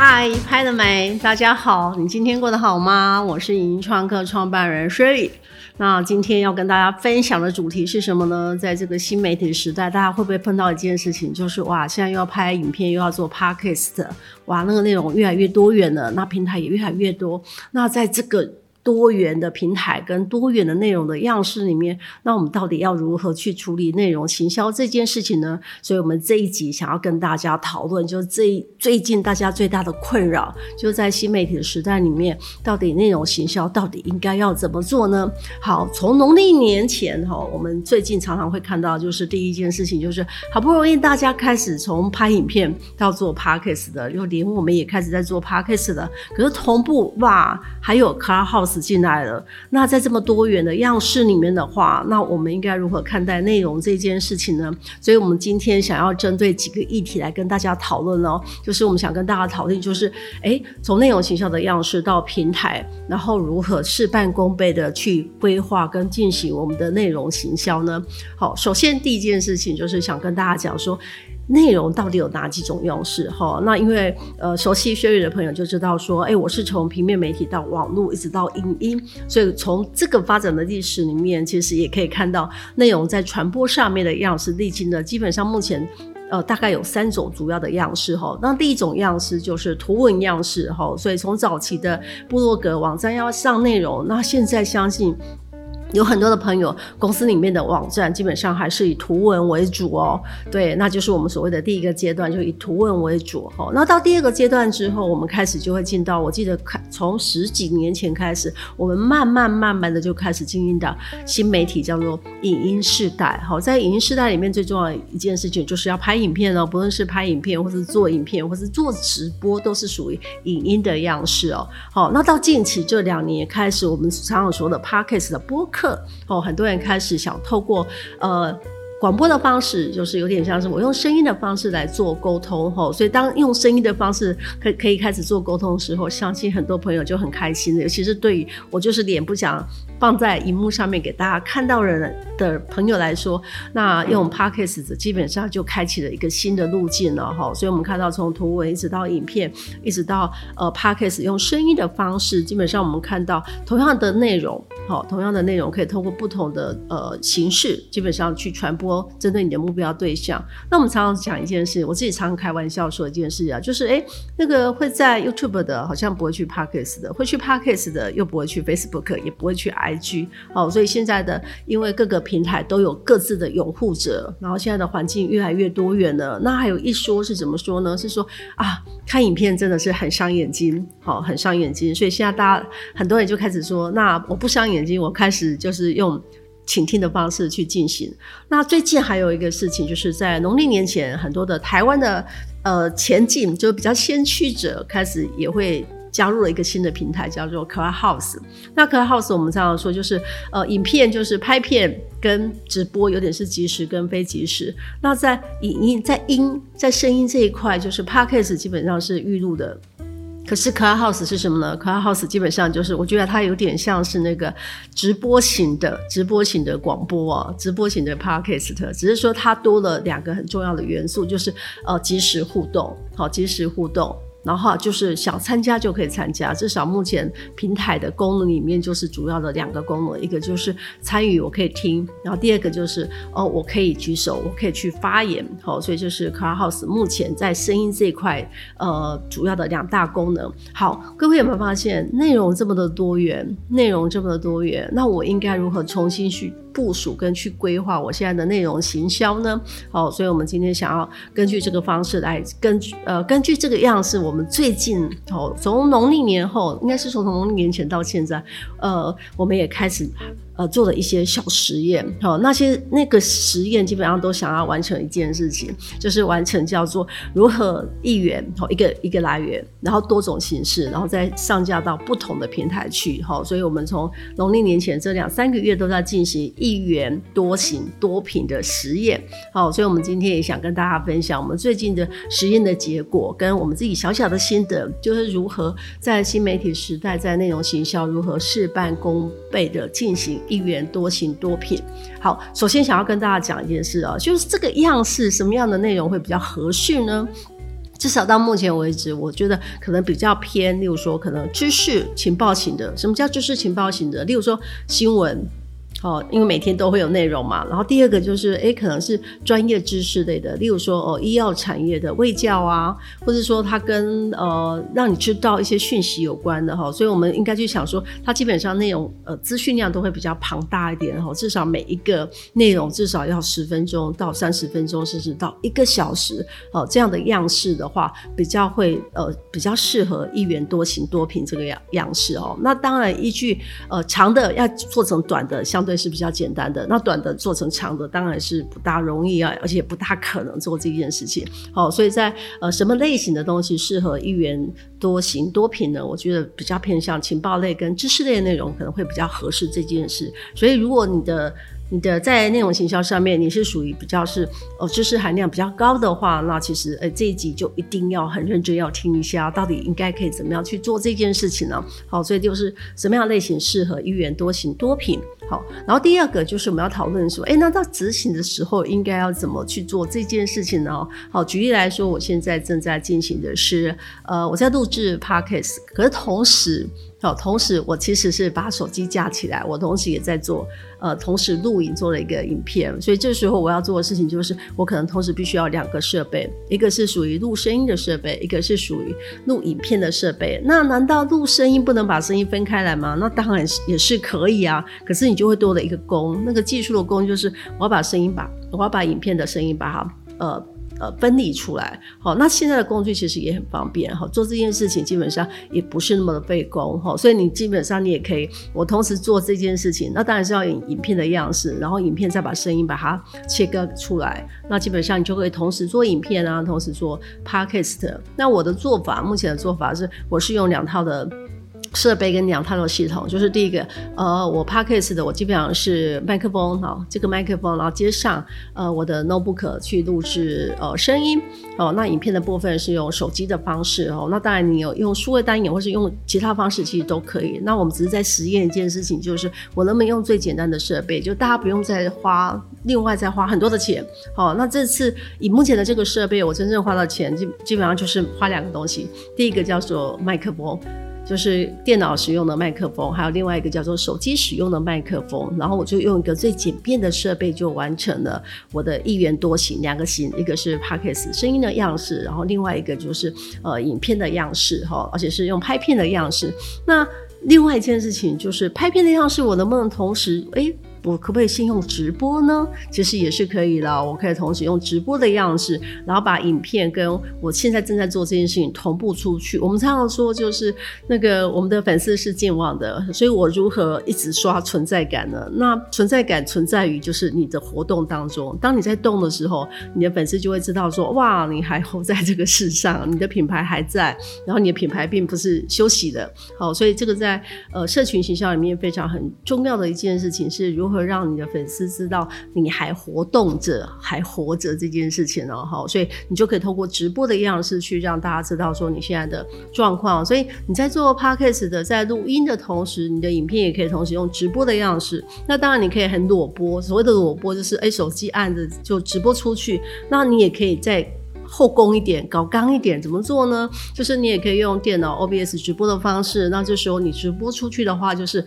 嗨，Hi，拍了沒，大家好，你今天過得好嗎？我是影音創客創辦人 Shary。那今天要跟大家分享的主題是什麼呢？在這個新媒體時代，大家會不會碰到一件事情，就是哇，現在又要拍影片，又要做 Podcast，哇，那個內容越來越多元了，那平台也越來越多。那在這個多元的平台跟多元的內容的樣式裡面，那我們到底要如何去處理內容行銷這件事情呢？所以我們這一集想要跟大家討論，就是這最近大家最大的困擾，就在新媒體的時代裡面，到底內容行銷到底應該要怎麼做呢？好，從農曆年前哈，我們最近常常會看到，就是第一件事情就是好不容易大家開始從拍影片到做 Podcast 的，又連我們也開始在做 Podcast 的，可是同步哇，還有 Clubhouse。進來了。那在這麼多元的樣式裡面的話，那我們應該如何看待內容這件事情呢？所以，我們今天想要針對幾個議題來跟大家討論哦。就是我們想跟大家討論，就是誒，從內容行銷的樣式到平台，然後如何事半功倍的去規劃跟進行我們的內容行銷呢？好，首先第一件事情就是想跟大家講說。內容到底有哪幾種樣式？哈，那因為呃熟悉 Shary 的朋友就知道說，誒、欸、我是從平面媒體到網絡，一直到影音,音，所以從這個發展的歷史裡面，其實也可以看到內容在傳播上面的樣式歷經了基本上目前呃大概有三種主要的樣式哈。那第一種樣式就是圖文樣式哈，所以從早期的部落格網站要上內容，那現在相信。有很多的朋友，公司裡面的網站基本上還是以圖文為主哦、喔。對，那就是我們所謂的第一個階段，就是以圖文為主、喔。哦。那到第二個階段之後，我們開始就會進到，我記得開從十幾年前開始，我們慢慢慢慢的就開始經營的新媒體，叫做影音世代。哈，在影音世代裡面，最重要的一件事情就是要拍影片哦、喔，不論是拍影片，或是做影片，或是做直播，都是屬於影音的樣式哦。好，那到近期這兩年開始，我們常常說的 Podcast 的播客。課、哦，很多人開始想透過，呃。廣播的方式就是有點像是我用聲音的方式來做溝通哈，所以當用聲音的方式可可以開始做溝通的時候，相信很多朋友就很開心的，尤其是對於我就是臉不想放在熒幕上面給大家看到人的朋友來說，那用 Podcast 基本上就開啟了一個新的路徑了哈。所以，我們看到從圖文一直到影片，一直到呃 Podcast 用聲音的方式，基本上我們看到同樣的內容，好，同樣的內容可以通過不同的呃形式，基本上去傳播。我針對你的目標對象，那我們常常講一件事，我自己常常開玩笑說一件事啊，就是哎，那個會在 YouTube 的，好像不會去 Podcast 的，會去 Podcast 的又不會去 Facebook，也不會去 IG。好，哦，所以現在的因為各個平台都有各自的擁護者，然後現在的環境越來越多元了。那還有一說是怎麼說呢？是說啊，看影片真的是很傷眼睛，哦，很傷眼睛。所以現在大家很多人就開始說，那我不傷眼睛，我開始就是用。傾聽的方式去進行。那最近還有一個事情，就是在農曆年前，很多的台灣的呃前進，就比較先驅者，開始也會加入了一個新的平台，叫做 Clubhouse。那 Clubhouse 我們常常說，就是呃，影片就是拍片跟直播，有點是即時跟非即時。那在影、音、在音、在聲音這一塊，就是 Podcast 基本上是預錄的。可是 Clubhouse 是什麼呢？Clubhouse 基本上就是，我覺得它有點像是那個直播型的、直播型的廣播哦，直播型的 Podcast，只是說它多了兩個很重要的元素，就是呃，即時互動，好、哦，即時互動。然後就是想參加就可以參加，至少目前平台的功能裡面就是主要的兩個功能，一個就是參與，我可以聽；然後第二個就是，哦，我可以舉手，我可以去發言。好、哦，所以就是 Clubhouse 目前在聲音這一塊，呃，主要的兩大功能。好，各位有沒有發現，內容這麼的多元，內容這麼的多元，那我應該如何重新去？部署跟去規劃我現在的內容行銷呢？好、哦。所以我們今天想要根據這個方式來，根據呃，根據這個樣式，我們最近、哦、從農曆年後，應該是從從農曆年前到現在，呃，我們也開始。呃，做了一些小實驗，好、哦，那些那個實驗基本上都想要完成一件事情，就是完成叫做如何一源，哦、一個一個來源，然後多種形式，然後再上架到不同的平台去，好、哦，所以我們從農曆年前這兩三個月都在進行一源多形多頻的實驗，好、哦，所以我們今天也想跟大家分享我們最近的實驗的結果，跟我們自己小小的心得，就是如何在新媒體時代，在內容行銷如何事半功倍的進行。一源多形多頻，好，首先想要跟大家講一件事啊、喔，就是這個樣式什麼樣的內容會比較合適呢？至少到目前為止，我覺得可能比較偏，例如說可能知識情報型的，什麼叫知識情報型的？例如說新聞。哦，因為每天都會有內容嘛，然後第二個就是，哎，可能是專業知識類的，例如說哦，醫藥產業的衛教啊，或者說它跟呃讓你知道一些訊息有關的哈、哦，所以我們應該去想說，它基本上內容呃資訊量都會比較龐大一點，然、哦、至少每一個內容至少要十分鐘到三十分鐘，甚至到一個小時哦這樣的樣式的話，比較會呃比較適合一源多形多頻這個樣樣式哦。那當然依據呃長的要做成短的，像。對，是比較簡單的。那短的做成長的，當然是不大容易啊，而且不大可能做這件事情。好，所以在呃，什麼類型的東西適合一源多形多頻呢？我覺得比較偏向情報類跟知識類的內容，可能會比較合適這件事。所以，如果你的你的在內容行銷上面你是屬於比較是哦知識含量比較高的話，那其實誒、呃、這一集就一定要很認真要聽一下，到底應該可以怎麼樣去做這件事情呢？好，所以就是什麼樣類型適合一源多形多頻。好，然後第二個就是我們要討論說，哎，那到執行的時候應該要怎麼去做這件事情呢？好，舉例來說，我現在正在進行的是，呃，我在錄製 Podcast，可是同時。好，同時我其實是把手機架起來，我同時也在做，呃，同時錄影做了一個影片，所以這時候我要做的事情就是，我可能同時必須要兩個設備，一個是屬於錄聲音的設備，一個是屬於錄影片的設備。那難道錄聲音不能把聲音分開來嗎？那當然也是可以啊，可是你就會多了一個功，那個技術的功就是我要把聲音把，我要把影片的聲音把它呃。呃，分離出來，好、哦，那現在的工具其實也很方便，哈、哦，做這件事情基本上也不是那麼的費工，哈、哦，所以你基本上你也可以，我同時做這件事情，那當然是要影影片的樣式，然後影片再把聲音把它切割出來，那基本上你就可以同時做影片啊，同時做 Podcast。那我的做法，目前的做法是，我是用兩套的。設備跟兩套的系統，就是第一個，呃，我 Podcast 的我基本上是麥克風哈、哦，這個麥克風然後接上呃我的 notebook 去錄製呃聲音哦，那影片的部分是用手機的方式哦，那當然你有用數位單眼或是用其他方式其實都可以。那我們只是在實驗一件事情，就是我能不能用最簡單的設備，就大家不用再花另外再花很多的錢。好、哦，那這次以目前的這個設備，我真正花的錢基基本上就是花兩個東西，第一個叫做麥克風。就是電腦使用的麥克風，還有另外一個叫做手機使用的麥克風，然後我就用一個最簡便的設備就完成了我的一源多形兩個形，一個是 podcast 聲音的樣式，然後另外一個就是呃影片的樣式哈，而且是用拍片的樣式。那另外一件事情就是拍片的樣式，我能不能同時誒？欸我可不可以先用直播呢？其實也是可以的。我可以同時用直播的樣式，然後把影片跟我現在正在做這件事情同步出去。我們常常說，就是那個我們的粉絲是健忘的，所以我如何一直刷存在感呢？那存在感存在於就是你的活動當中。當你在動的時候，你的粉絲就會知道說，哇，你還活在這個世上，你的品牌還在，然後你的品牌並不是休息的。好，所以這個在呃社群行銷裡面非常很重要的一件事情是如。會讓你的粉絲知道你還活動着、還活着這件事情哦、喔。哈,所以你就可以透過直播的樣式去讓大家知道說你現在的狀況、喔。所以你在做 Podcast 的，在錄音的同時，你的影片也可以同時用直播的樣式。那當然你可以很裸播，所謂的裸播就是哎、欸、手機按着就直播出去。那你也可以再後宮一點，搞剛一點，怎麼做呢？就是你也可以用電腦 OBS 直播的方式。那這時候你直播出去的話，就是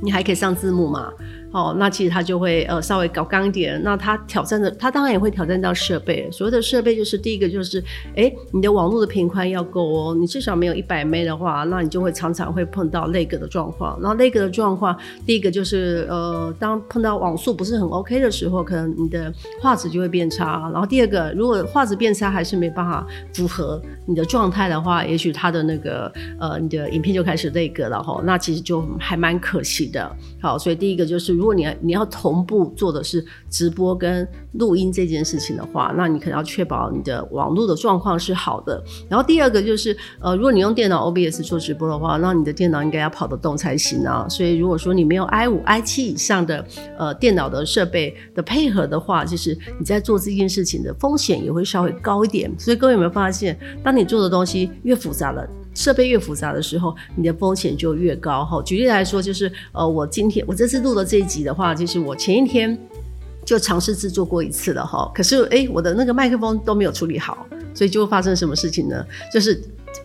你還可以上字幕嘛。哦，那其實它就會呃稍微搞剛一點，那它挑戰的，它當然也會挑戰到設備。所謂的設備就是第一個就是，哎、欸，你的網絡的頻寬要夠哦，你至少沒有一百 M、ah、的話，那你就會常常會碰到 lag 的狀況。然後 lag 的狀況，第一個就是呃，當碰到網速不是很 OK 的時候，可能你的畫質就會變差。然後第二個，如果畫質變差還是沒辦法符合你的狀態的話，也許它的那個呃你的影片就開始 lag 了哈，那其實就還蠻可惜的。好，所以第一個就是。如果你要你要同步做的是直播跟錄音這件事情的話，那你可能要確保你的網絡的狀況是好的。然後第二個就是，呃，如果你用電腦 OBS 做直播的話，那你的電腦應該要跑得動才行啊。所以如果說你沒有 i5、i7 以上的呃電腦的設備的配合的話，就是你在做這件事情的風險也會稍微高一點。所以各位有沒有發現，當你做的東西越複雜了，設備越複雜的時候，你的風險就越高哈。舉例來說，就是呃，我今天我這次錄的這一集的話，就是我前一天就嘗試制作過一次了哈。可是誒，我的那個麥克風都沒有處理好，所以就發生什麼事情呢？就是。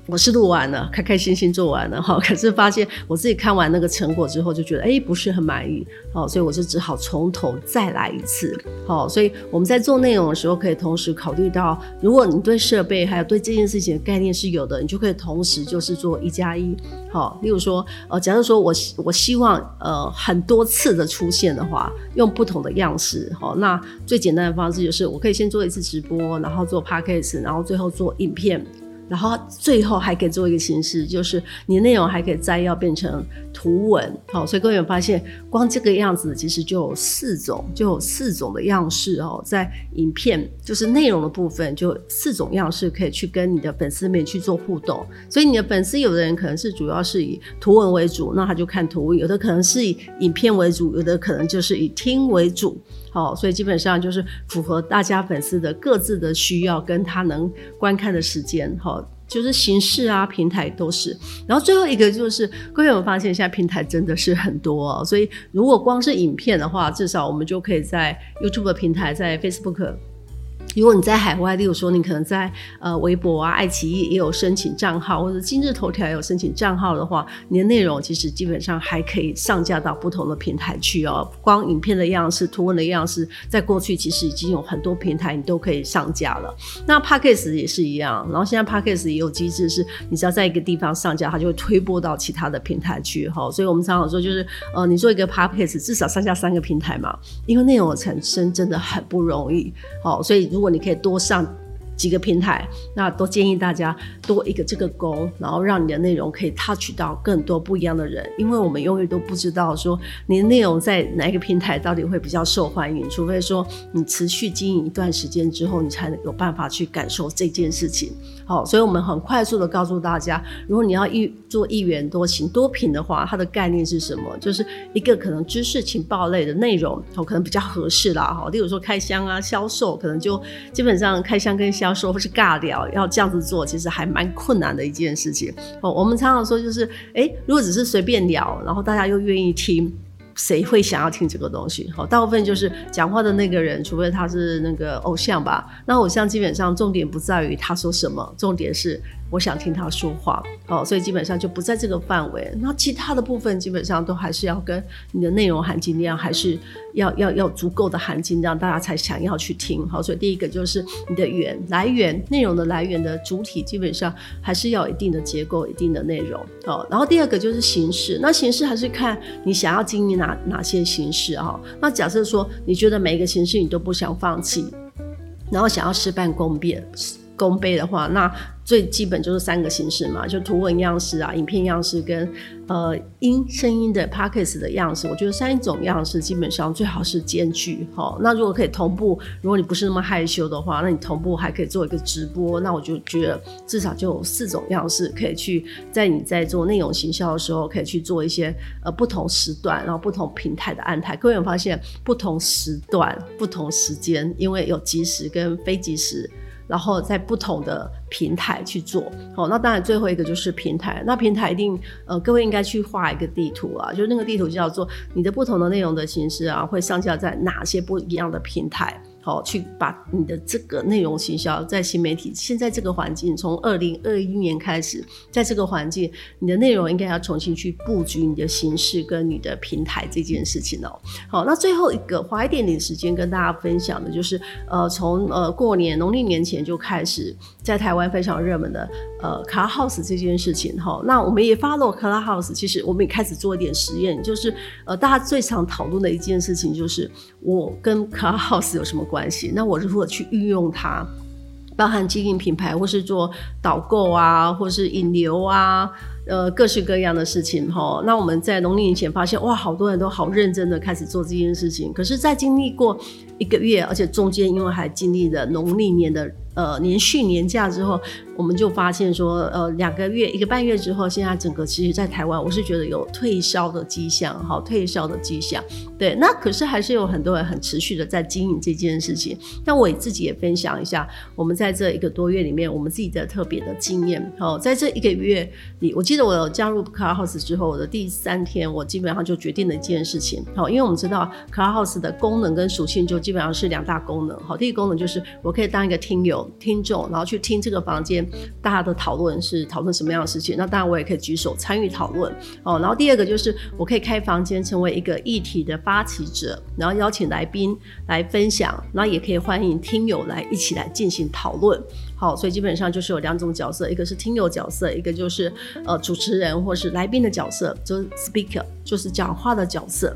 我是錄完了，開開心心做完了哈、哦，可是發現我自己看完那個成果之後，就覺得哎不是很滿意哦，所以我就只好從頭再來一次哦。所以我們在做內容的時候，可以同時考慮到，如果你對設備還有對這件事情的概念是有的，你就可以同時就是做一加一哦。例如說，呃，假如說我我希望呃很多次的出現的話，用不同的樣式哦，那最簡單的方式就是我可以先做一次直播，然後做 Podcast，然後最後做影片。然後最後還可以做一個形式，就是你的內容還可以摘要變成圖文，好，哦，所以各位有發現，光這個樣子其實就有四種，就有四種的樣式哦，在影片就是內容的部分，就四種樣式可以去跟你的粉絲們去做互動。所以你的粉絲有的人可能是主要是以圖文為主，那他就看圖文；有的可能是以影片為主，有的可能就是以聽為主。哦，所以基本上就是符合大家粉絲的各自的需要，跟他能觀看的時間，哈，哦，就是形式啊，平台都是。然後最後一個就是，各位有沒有發現，現在平台真的是很多哦。所以如果光是影片的話，至少我們就可以在 YouTube 的平台，在 Facebook。如果你在海外，例如說你可能在呃微博啊、愛奇藝也有申請賬號，或者今日頭條也有申請賬號的話，你的內容其實基本上還可以上架到不同的平台去哦。光影片的樣式、圖文的樣式，在過去其實已經有很多平台你都可以上架了。那 Podcast 也是一樣，然後現在 Podcast 也有機制是，是你只要在一個地方上架，它就會推播到其他的平台去。哦，所以我們常常說就是呃，你做一個 Podcast 至少上架三個平台嘛，因為內容的產生真的很不容易。好，哦，所以如果你可以多上幾個平台，那都建議大家多一個這個公，然後讓你的內容可以 touch 到更多不一樣的人，因為我們永遠都不知道說你的內容在哪一個平台到底會比較受歡迎，除非說你持續經營一段時間之後，你才有辦法去感受這件事情。好、哦，所以我們很快速的告訴大家，如果你要一做一源多形多頻的話，它的概念是什麼？就是一個可能知識情報類的內容，哦，可能比較合適啦。哈、哦，例如說開箱啊、銷售，可能就基本上開箱跟銷售或是尬聊，要這樣子做，其實還蠻困難的一件事情。哦，我們常常說就是，誒，如果只是隨便聊，然後大家又願意聽。誰會想要聽這個東西？好，大部分就是講話的那個人，除非他是那個偶像吧。那偶像基本上重點不在於他說什麼，重點是。我想聽他說話，哦，所以基本上就不在這個範圍。那其他的部分基本上都還是要跟你的內容的含金量，還是要要要足夠的含金量，大家才想要去聽。好、哦，所以第一個就是你的源來源，內容的來源的主體，基本上還是要有一定的結構，一定的內容。哦，然後第二個就是形式，那形式還是看你想要經營哪哪些形式哈、哦。那假設說你覺得每一個形式你都不想放棄，然後想要事半功倍功倍的話，那最基本就是三個形式嘛，就圖文樣式啊、影片樣式跟呃音聲音的 Podcast 的樣式。我覺得三種樣式基本上最好是兼具哈、哦。那如果可以同步，如果你不是那麼害羞的話，那你同步還可以做一個直播。那我就覺得至少就有四種樣式可以去，在你在做內容行銷的時候，可以去做一些呃不同時段，然後不同平台的安排。各位有發現不同時段、不同時間，因為有即時跟非即時。然後在不同的平台去做，好，那當然最後一個就是平台，那平台一定呃，各位應該去畫一個地圖啊，就是那個地圖叫做你的不同的內容的形式啊，會上架在哪些不一樣的平台。好，去把你的這個內容行銷在新媒體現在這個環境，從二零二一年開始，在這個環境，你的內容應該要重新去布局你的形式跟你的平台這件事情哦。好，那最後一個花一點點時間跟大家分享的就是，呃，從呃過年農曆年前就開始。在台灣非常熱門的呃，Clubhouse 這件事情哈，那我們也 follow Clubhouse，其實我們也開始做一點實驗，就是呃，大家最常討論的一件事情就是我跟 Clubhouse 有什麼關係？那我如何去運用它，包含經營品牌或是做導購啊，或是引流啊，呃，各式各樣的事情哈。那我們在農曆年前發現，哇，好多人都好認真的開始做這件事情。可是，在經歷過一個月，而且中間因為還經歷了農曆年的。呃，連續年假之後，我們就發現說，呃，兩個月一個半月之後，現在整個其實，在台灣，我是覺得有退燒的跡象，好，退燒的跡象。對，那可是還是有很多人很持續的在經營這件事情。但我也自己也分享一下，我們在這一個多月裡面，我們自己的特別的經驗。好，在這一個月裡，我記得我加入 Clubhouse 之後，我的第三天，我基本上就決定了一件事情。好，因為我們知道 Clubhouse 的功能跟屬性就基本上是兩大功能。好，第一個功能就是我可以當一個聽友。聽眾，然後去聽這個房間大家的討論，是討論什麼樣的事情？那當然我也可以舉手參與討論哦。然後第二個就是我可以開房間，成為一個議題的發起者，然後邀請來賓來分享，那也可以歡迎聽友來一起來進行討論。好，哦，所以基本上就是有兩種角色，一個是聽友角色，一個就是呃主持人或是來賓的角色，就是 speaker，就是講話的角色。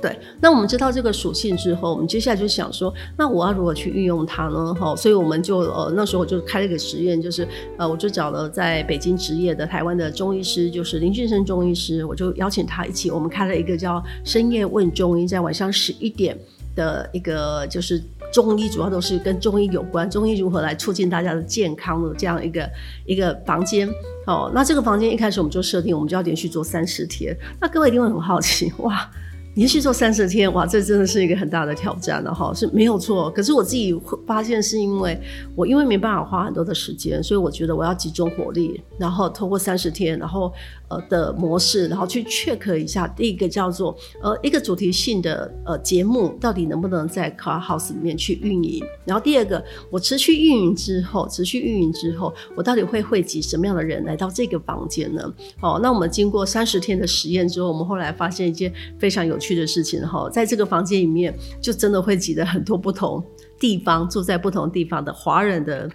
對，那我們知道這個屬性之後，我們接下來就想說，那我要如何去運用它呢？哈、哦，所以我們就呃那時候我就開了一個實驗，就是呃我就找了在北京執業的台灣的中醫師，就是林俊生中醫師，我就邀請他一起，我們開了一個叫深夜問中醫，在晚上十一點的一個就是中醫，主要都是跟中醫有關，中醫如何來促進大家的健康的這樣一個一個房間。哦，那這個房間一開始我們就設定，我們就要連續做三十天。那各位一定會很好奇，哇！連續做三十天，哇，這真的是一個很大的挑戰了哈，是沒有錯。可是我自己會發現是因為我因為沒辦法花很多的時間，所以我覺得我要集中火力，然後通過三十天，然後呃的模式，然後去 check 一下第一個叫做呃一個主題性的呃節目到底能不能在 Clubhouse 裡面去運營，然後第二個我持續運營之後，持續運營之後，我到底會匯集什麼樣的人來到這個房間呢？哦，那我們經過三十天的實驗之後，我們後來發現一件非常有去的事情哈，在這個房間裡面，就真的會擠得很多不同地方住在不同地方的華人的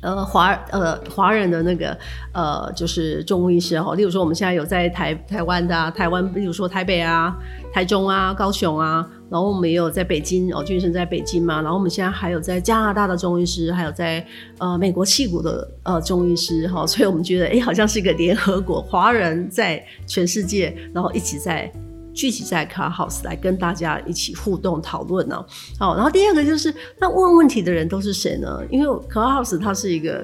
呃華呃華人的那個呃就是中醫師哈，例如說我們現在有在臺、啊、臺灣的臺灣，比如說台北啊、台中啊、高雄啊，然後我們也有在北京哦，最近在北京嘛，然後我們現在還有在加拿大的中醫師，還有在呃美國矽谷的呃中醫師哈，所以我們覺得哎、欸，好像是一個聯合國華人在全世界，然後一起在。聚集在 Clubhouse 來跟大家一起互動討論呢、啊。好，然後第二個就是那問問題的人都是誰呢？因為 Clubhouse 它是一個。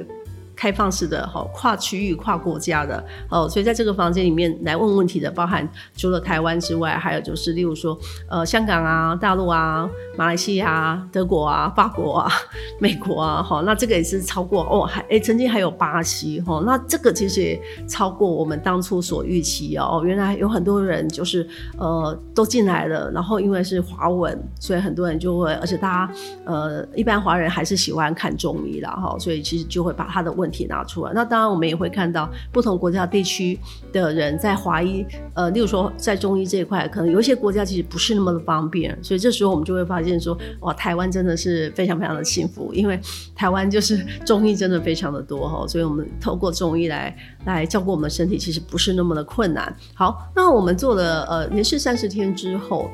開放式的哈、哦，跨區域、跨國家的哦，所以在這個房間裡面來問問題的，包含除了台灣之外，還有就是例如說，呃，香港啊、大陸啊、馬來西亞、德國啊、法國啊、美國啊，哈、哦，那這個也是超過哦，還、欸、哎曾經還有巴西哈、哦，那這個其實也超過我們當初所預期哦，原來有很多人就是呃都進來了，然後因為是華文，所以很多人就會，而且大家呃一般華人還是喜歡看中醫的哈，所以其實就會把他的問。體拿出來，那當然我們也會看到不同國家地區的人在華醫，呃，例如說在中醫這一塊，可能有一些國家其實不是那麼的方便，所以這時候我們就會發現說，哇，台灣真的是非常非常的幸福，因為台灣就是中醫真的非常的多哈，所以我們透過中醫來來照顧我們的身體，其實不是那麼的困難。好，那我們做了呃連續三十天之後，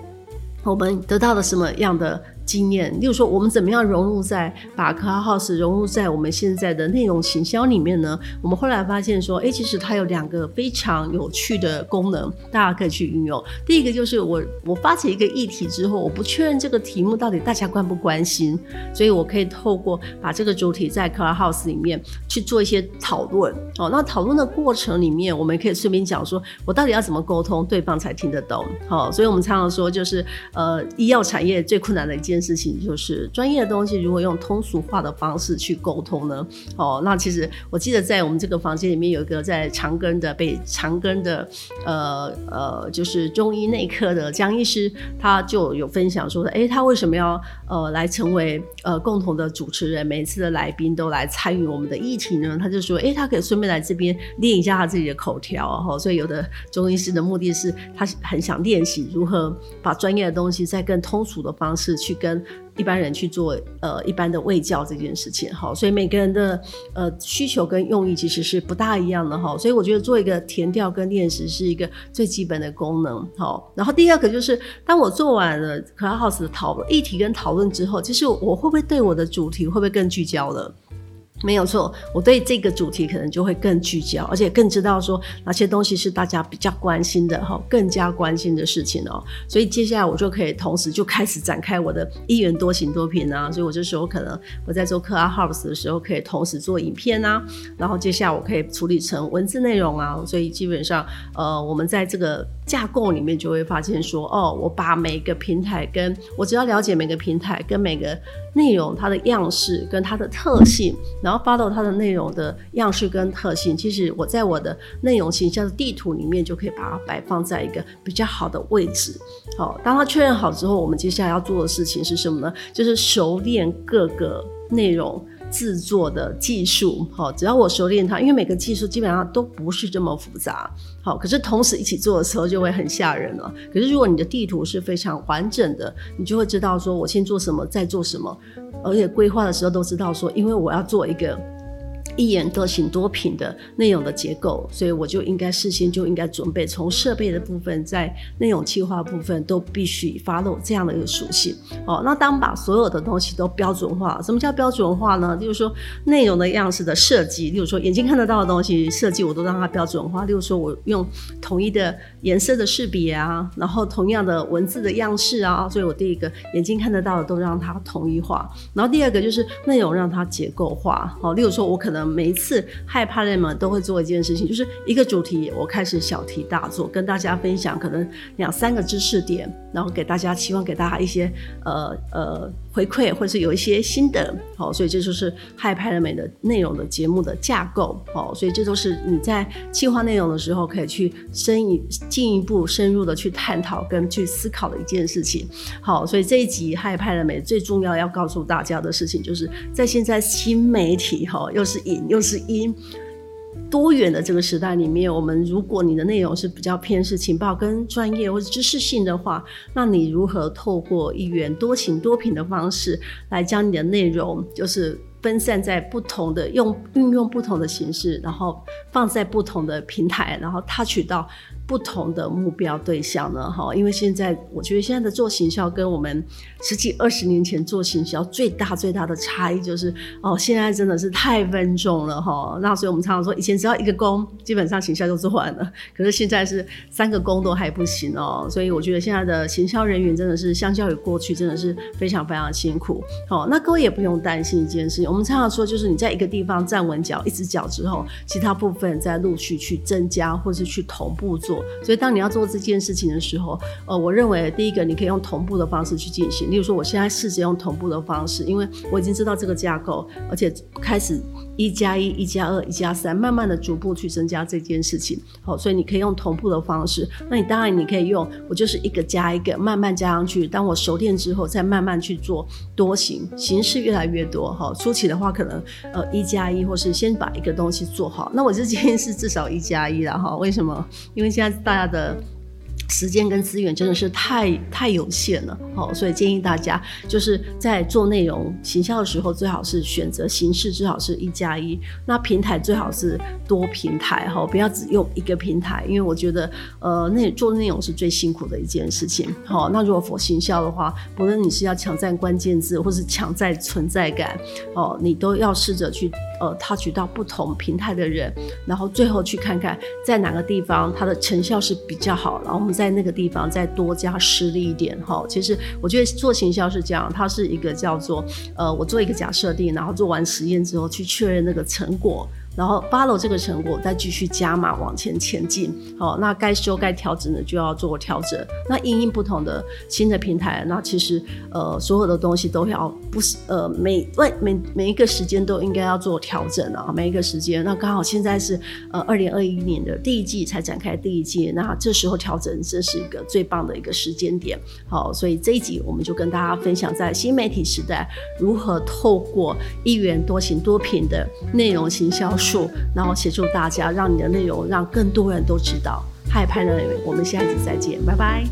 我們得到了什麼樣的？經驗，例如說，我們怎麼樣融入在把 Clubhouse 融入在我們現在的內容行銷裡面呢？我們後來發現說，哎，其實它有兩個非常有趣的功能，大家可以去運用。第一個就是我我發起一個議題之後，我不確認這個題目到底大家關不關心，所以我可以透過把這個主題在 Clubhouse 裡面去做一些討論。哦，那討論的過程裡面，我們可以順便講說，我到底要怎麼溝通，對方才聽得懂。哦，所以我們常常說，就是呃，醫藥產業最困難的一件事。事情就是專業的東西，如何用通俗化的方式去溝通呢？哦，那其實我記得在我們這個房間裡面有一個在長庚的、北，長庚的呃呃，就是中醫內科的江醫師，他就有分享說，哎、欸，他為什麼要呃來成為呃共同的主持人？每次的來賓都來參與我們的議題呢？他就說，哎、欸，他可以順便來這邊練一下他自己的口條哦，所以有的中醫師的目的是，他很想練習如何把專業的東西在更通俗的方式去跟。一般人去做呃一般的餵教這件事情哈，所以每個人的呃需求跟用意其實是不大一樣的哈，所以我覺得做一個田調跟練習是一個最基本的功能好，然後第二個就是，當我做完了 Clubhouse 的討論議題跟討論之後，其實我會不會對我的主題會不會更聚焦了？沒有錯，我對這個主題可能就會更聚焦，而且更知道說哪些東西是大家比較關心的哈，更加關心的事情哦。所以接下來我就可以同時就開始展開我的一元多型多屏啊。所以我時候可能我在做克爾 house 的時候，可以同時做影片啊，然後接下來我可以處理成文字內容啊。所以基本上呃，我們在這個架構裡面就會發現說，哦，我把每個平台跟我只要了解每個平台跟每個內容它的樣式跟它的特性，然後。然後 follow 它的內容的樣式跟特性，其實我在我的內容行銷的地圖裡面就可以把它擺放在一個比較好的位置。好、哦，當它確認好之後，我們接下來要做的事情是什麼呢？就是熟練各個內容。製作的技術，好、哦，只要我熟練它，因為每個技術基本上都不是這麼複雜，好、哦，可是同時一起做的時候就會很嚇人了。可是如果你的地圖是非常完整的，你就會知道說我先做什麼，再做什麼，而且規劃的時候都知道說，因為我要做一個。一源多形多頻的內容的結構，所以我就應該事先就應該準備從設備的部分，在內容企劃部分都必須 follow 這樣的一個屬性。哦，那當把所有的東西都標準化，什麼叫標準化呢？就是說內容的樣式的設計，例如說眼睛看得到的東西設計，我都讓它標準化。例如說，我用統一的顏色的識別啊，然後同樣的文字的樣式啊，所以我第一個眼睛看得到的都讓它統一化，然後第二個就是內容讓它結構化。哦，例如說我可能。每一次害怕人們都會做一件事情，就是一個主題，我開始小題大做，跟大家分享可能兩三個知識點，然後給大家希望給大家一些呃呃回饋，或是有一些心得哦，所以這就是害怕人們的內容的節目的架構哦，所以這都是你在企劃內容的時候可以去深一進一步深入的去探討跟去思考的一件事情。好、哦，所以這一集害怕人們最重要要告訴大家的事情，就是在現在新媒體哈、哦，又是一。又是因多元的這個時代裡面，我們如果你的內容是比較偏是情報跟專業或者知識性的話，那你如何透過一源多形多頻的方式來將你的內容就是分散在不同的用運用不同的形式，然後放在不同的平台，然後 touch 到，不同的目標對象呢？哈，因為現在我覺得現在的做行銷跟我們十幾二十年前做行銷最大最大的差異就是哦，現在真的是太分眾了哈。那所以我們常常說，以前只要一個工，基本上行銷就做完了。可是現在是三個工都還不行哦。所以我覺得現在的行銷人員真的是相較於過去真的是非常非常的辛苦哦。那各位也不用擔心一件事情，我們常常說就是你在一個地方站穩腳，一只腳之後，其他部分再陸續去增加或是去同步做。所以，當你要做這件事情的時候，呃，我認為第一個你可以用同步的方式去進行。例如說，我現在試着用同步的方式，因為我已經知道這個架構，而且開始一加一、一加二、一加三，3, 慢慢的逐步去增加這件事情。好、哦，所以你可以用同步的方式。那你當然你可以用，我就是一個加一個，慢慢加上去。當我熟練之後，再慢慢去做多形形式越來越多。哈、哦，初期的話可能呃一加一，1 1, 或是先把一個東西做好。那我今天是至少一加一了哈。為什麼？因為現在還是大家的。嗯時間跟資源真的是太太有限了哦，所以建議大家就是在做內容行銷的時候，最好是選擇形式，最好是一加一。1，那平台最好是多平台哈、哦，不要只用一個平台，因為我覺得呃，那做內容是最辛苦的一件事情。好、哦，那如果佛行銷的話，不論你是要搶占關鍵字，或是搶占存在感哦，你都要試着去呃 touch 到不同平台的人，然後最後去看看在哪個地方它的成效是比較好，然後。在那個地方再多加施力一點哈，其實我覺得做行銷是這樣，它是一個叫做呃，我做一個假設定，然後做完實驗之後去確認那個成果。然後八樓這個成果再繼續加碼往前前進，好，那該修該調整的就要做調整。那因應不同的新的平台，那其實呃所有的東西都要不是呃每外每每，每一個時間都應該要做調整啊。每一個時間，那剛好現在是呃二零二一年的第一季才展開第一季，那這時候調整這是一個最棒的一個時間點。好，所以這一集我們就跟大家分享在新媒體時代如何透過一源多形多頻的內容行銷。然後協助大家，讓你的內容讓更多人都知道。嗨拍的，我們下一次再見，拜拜。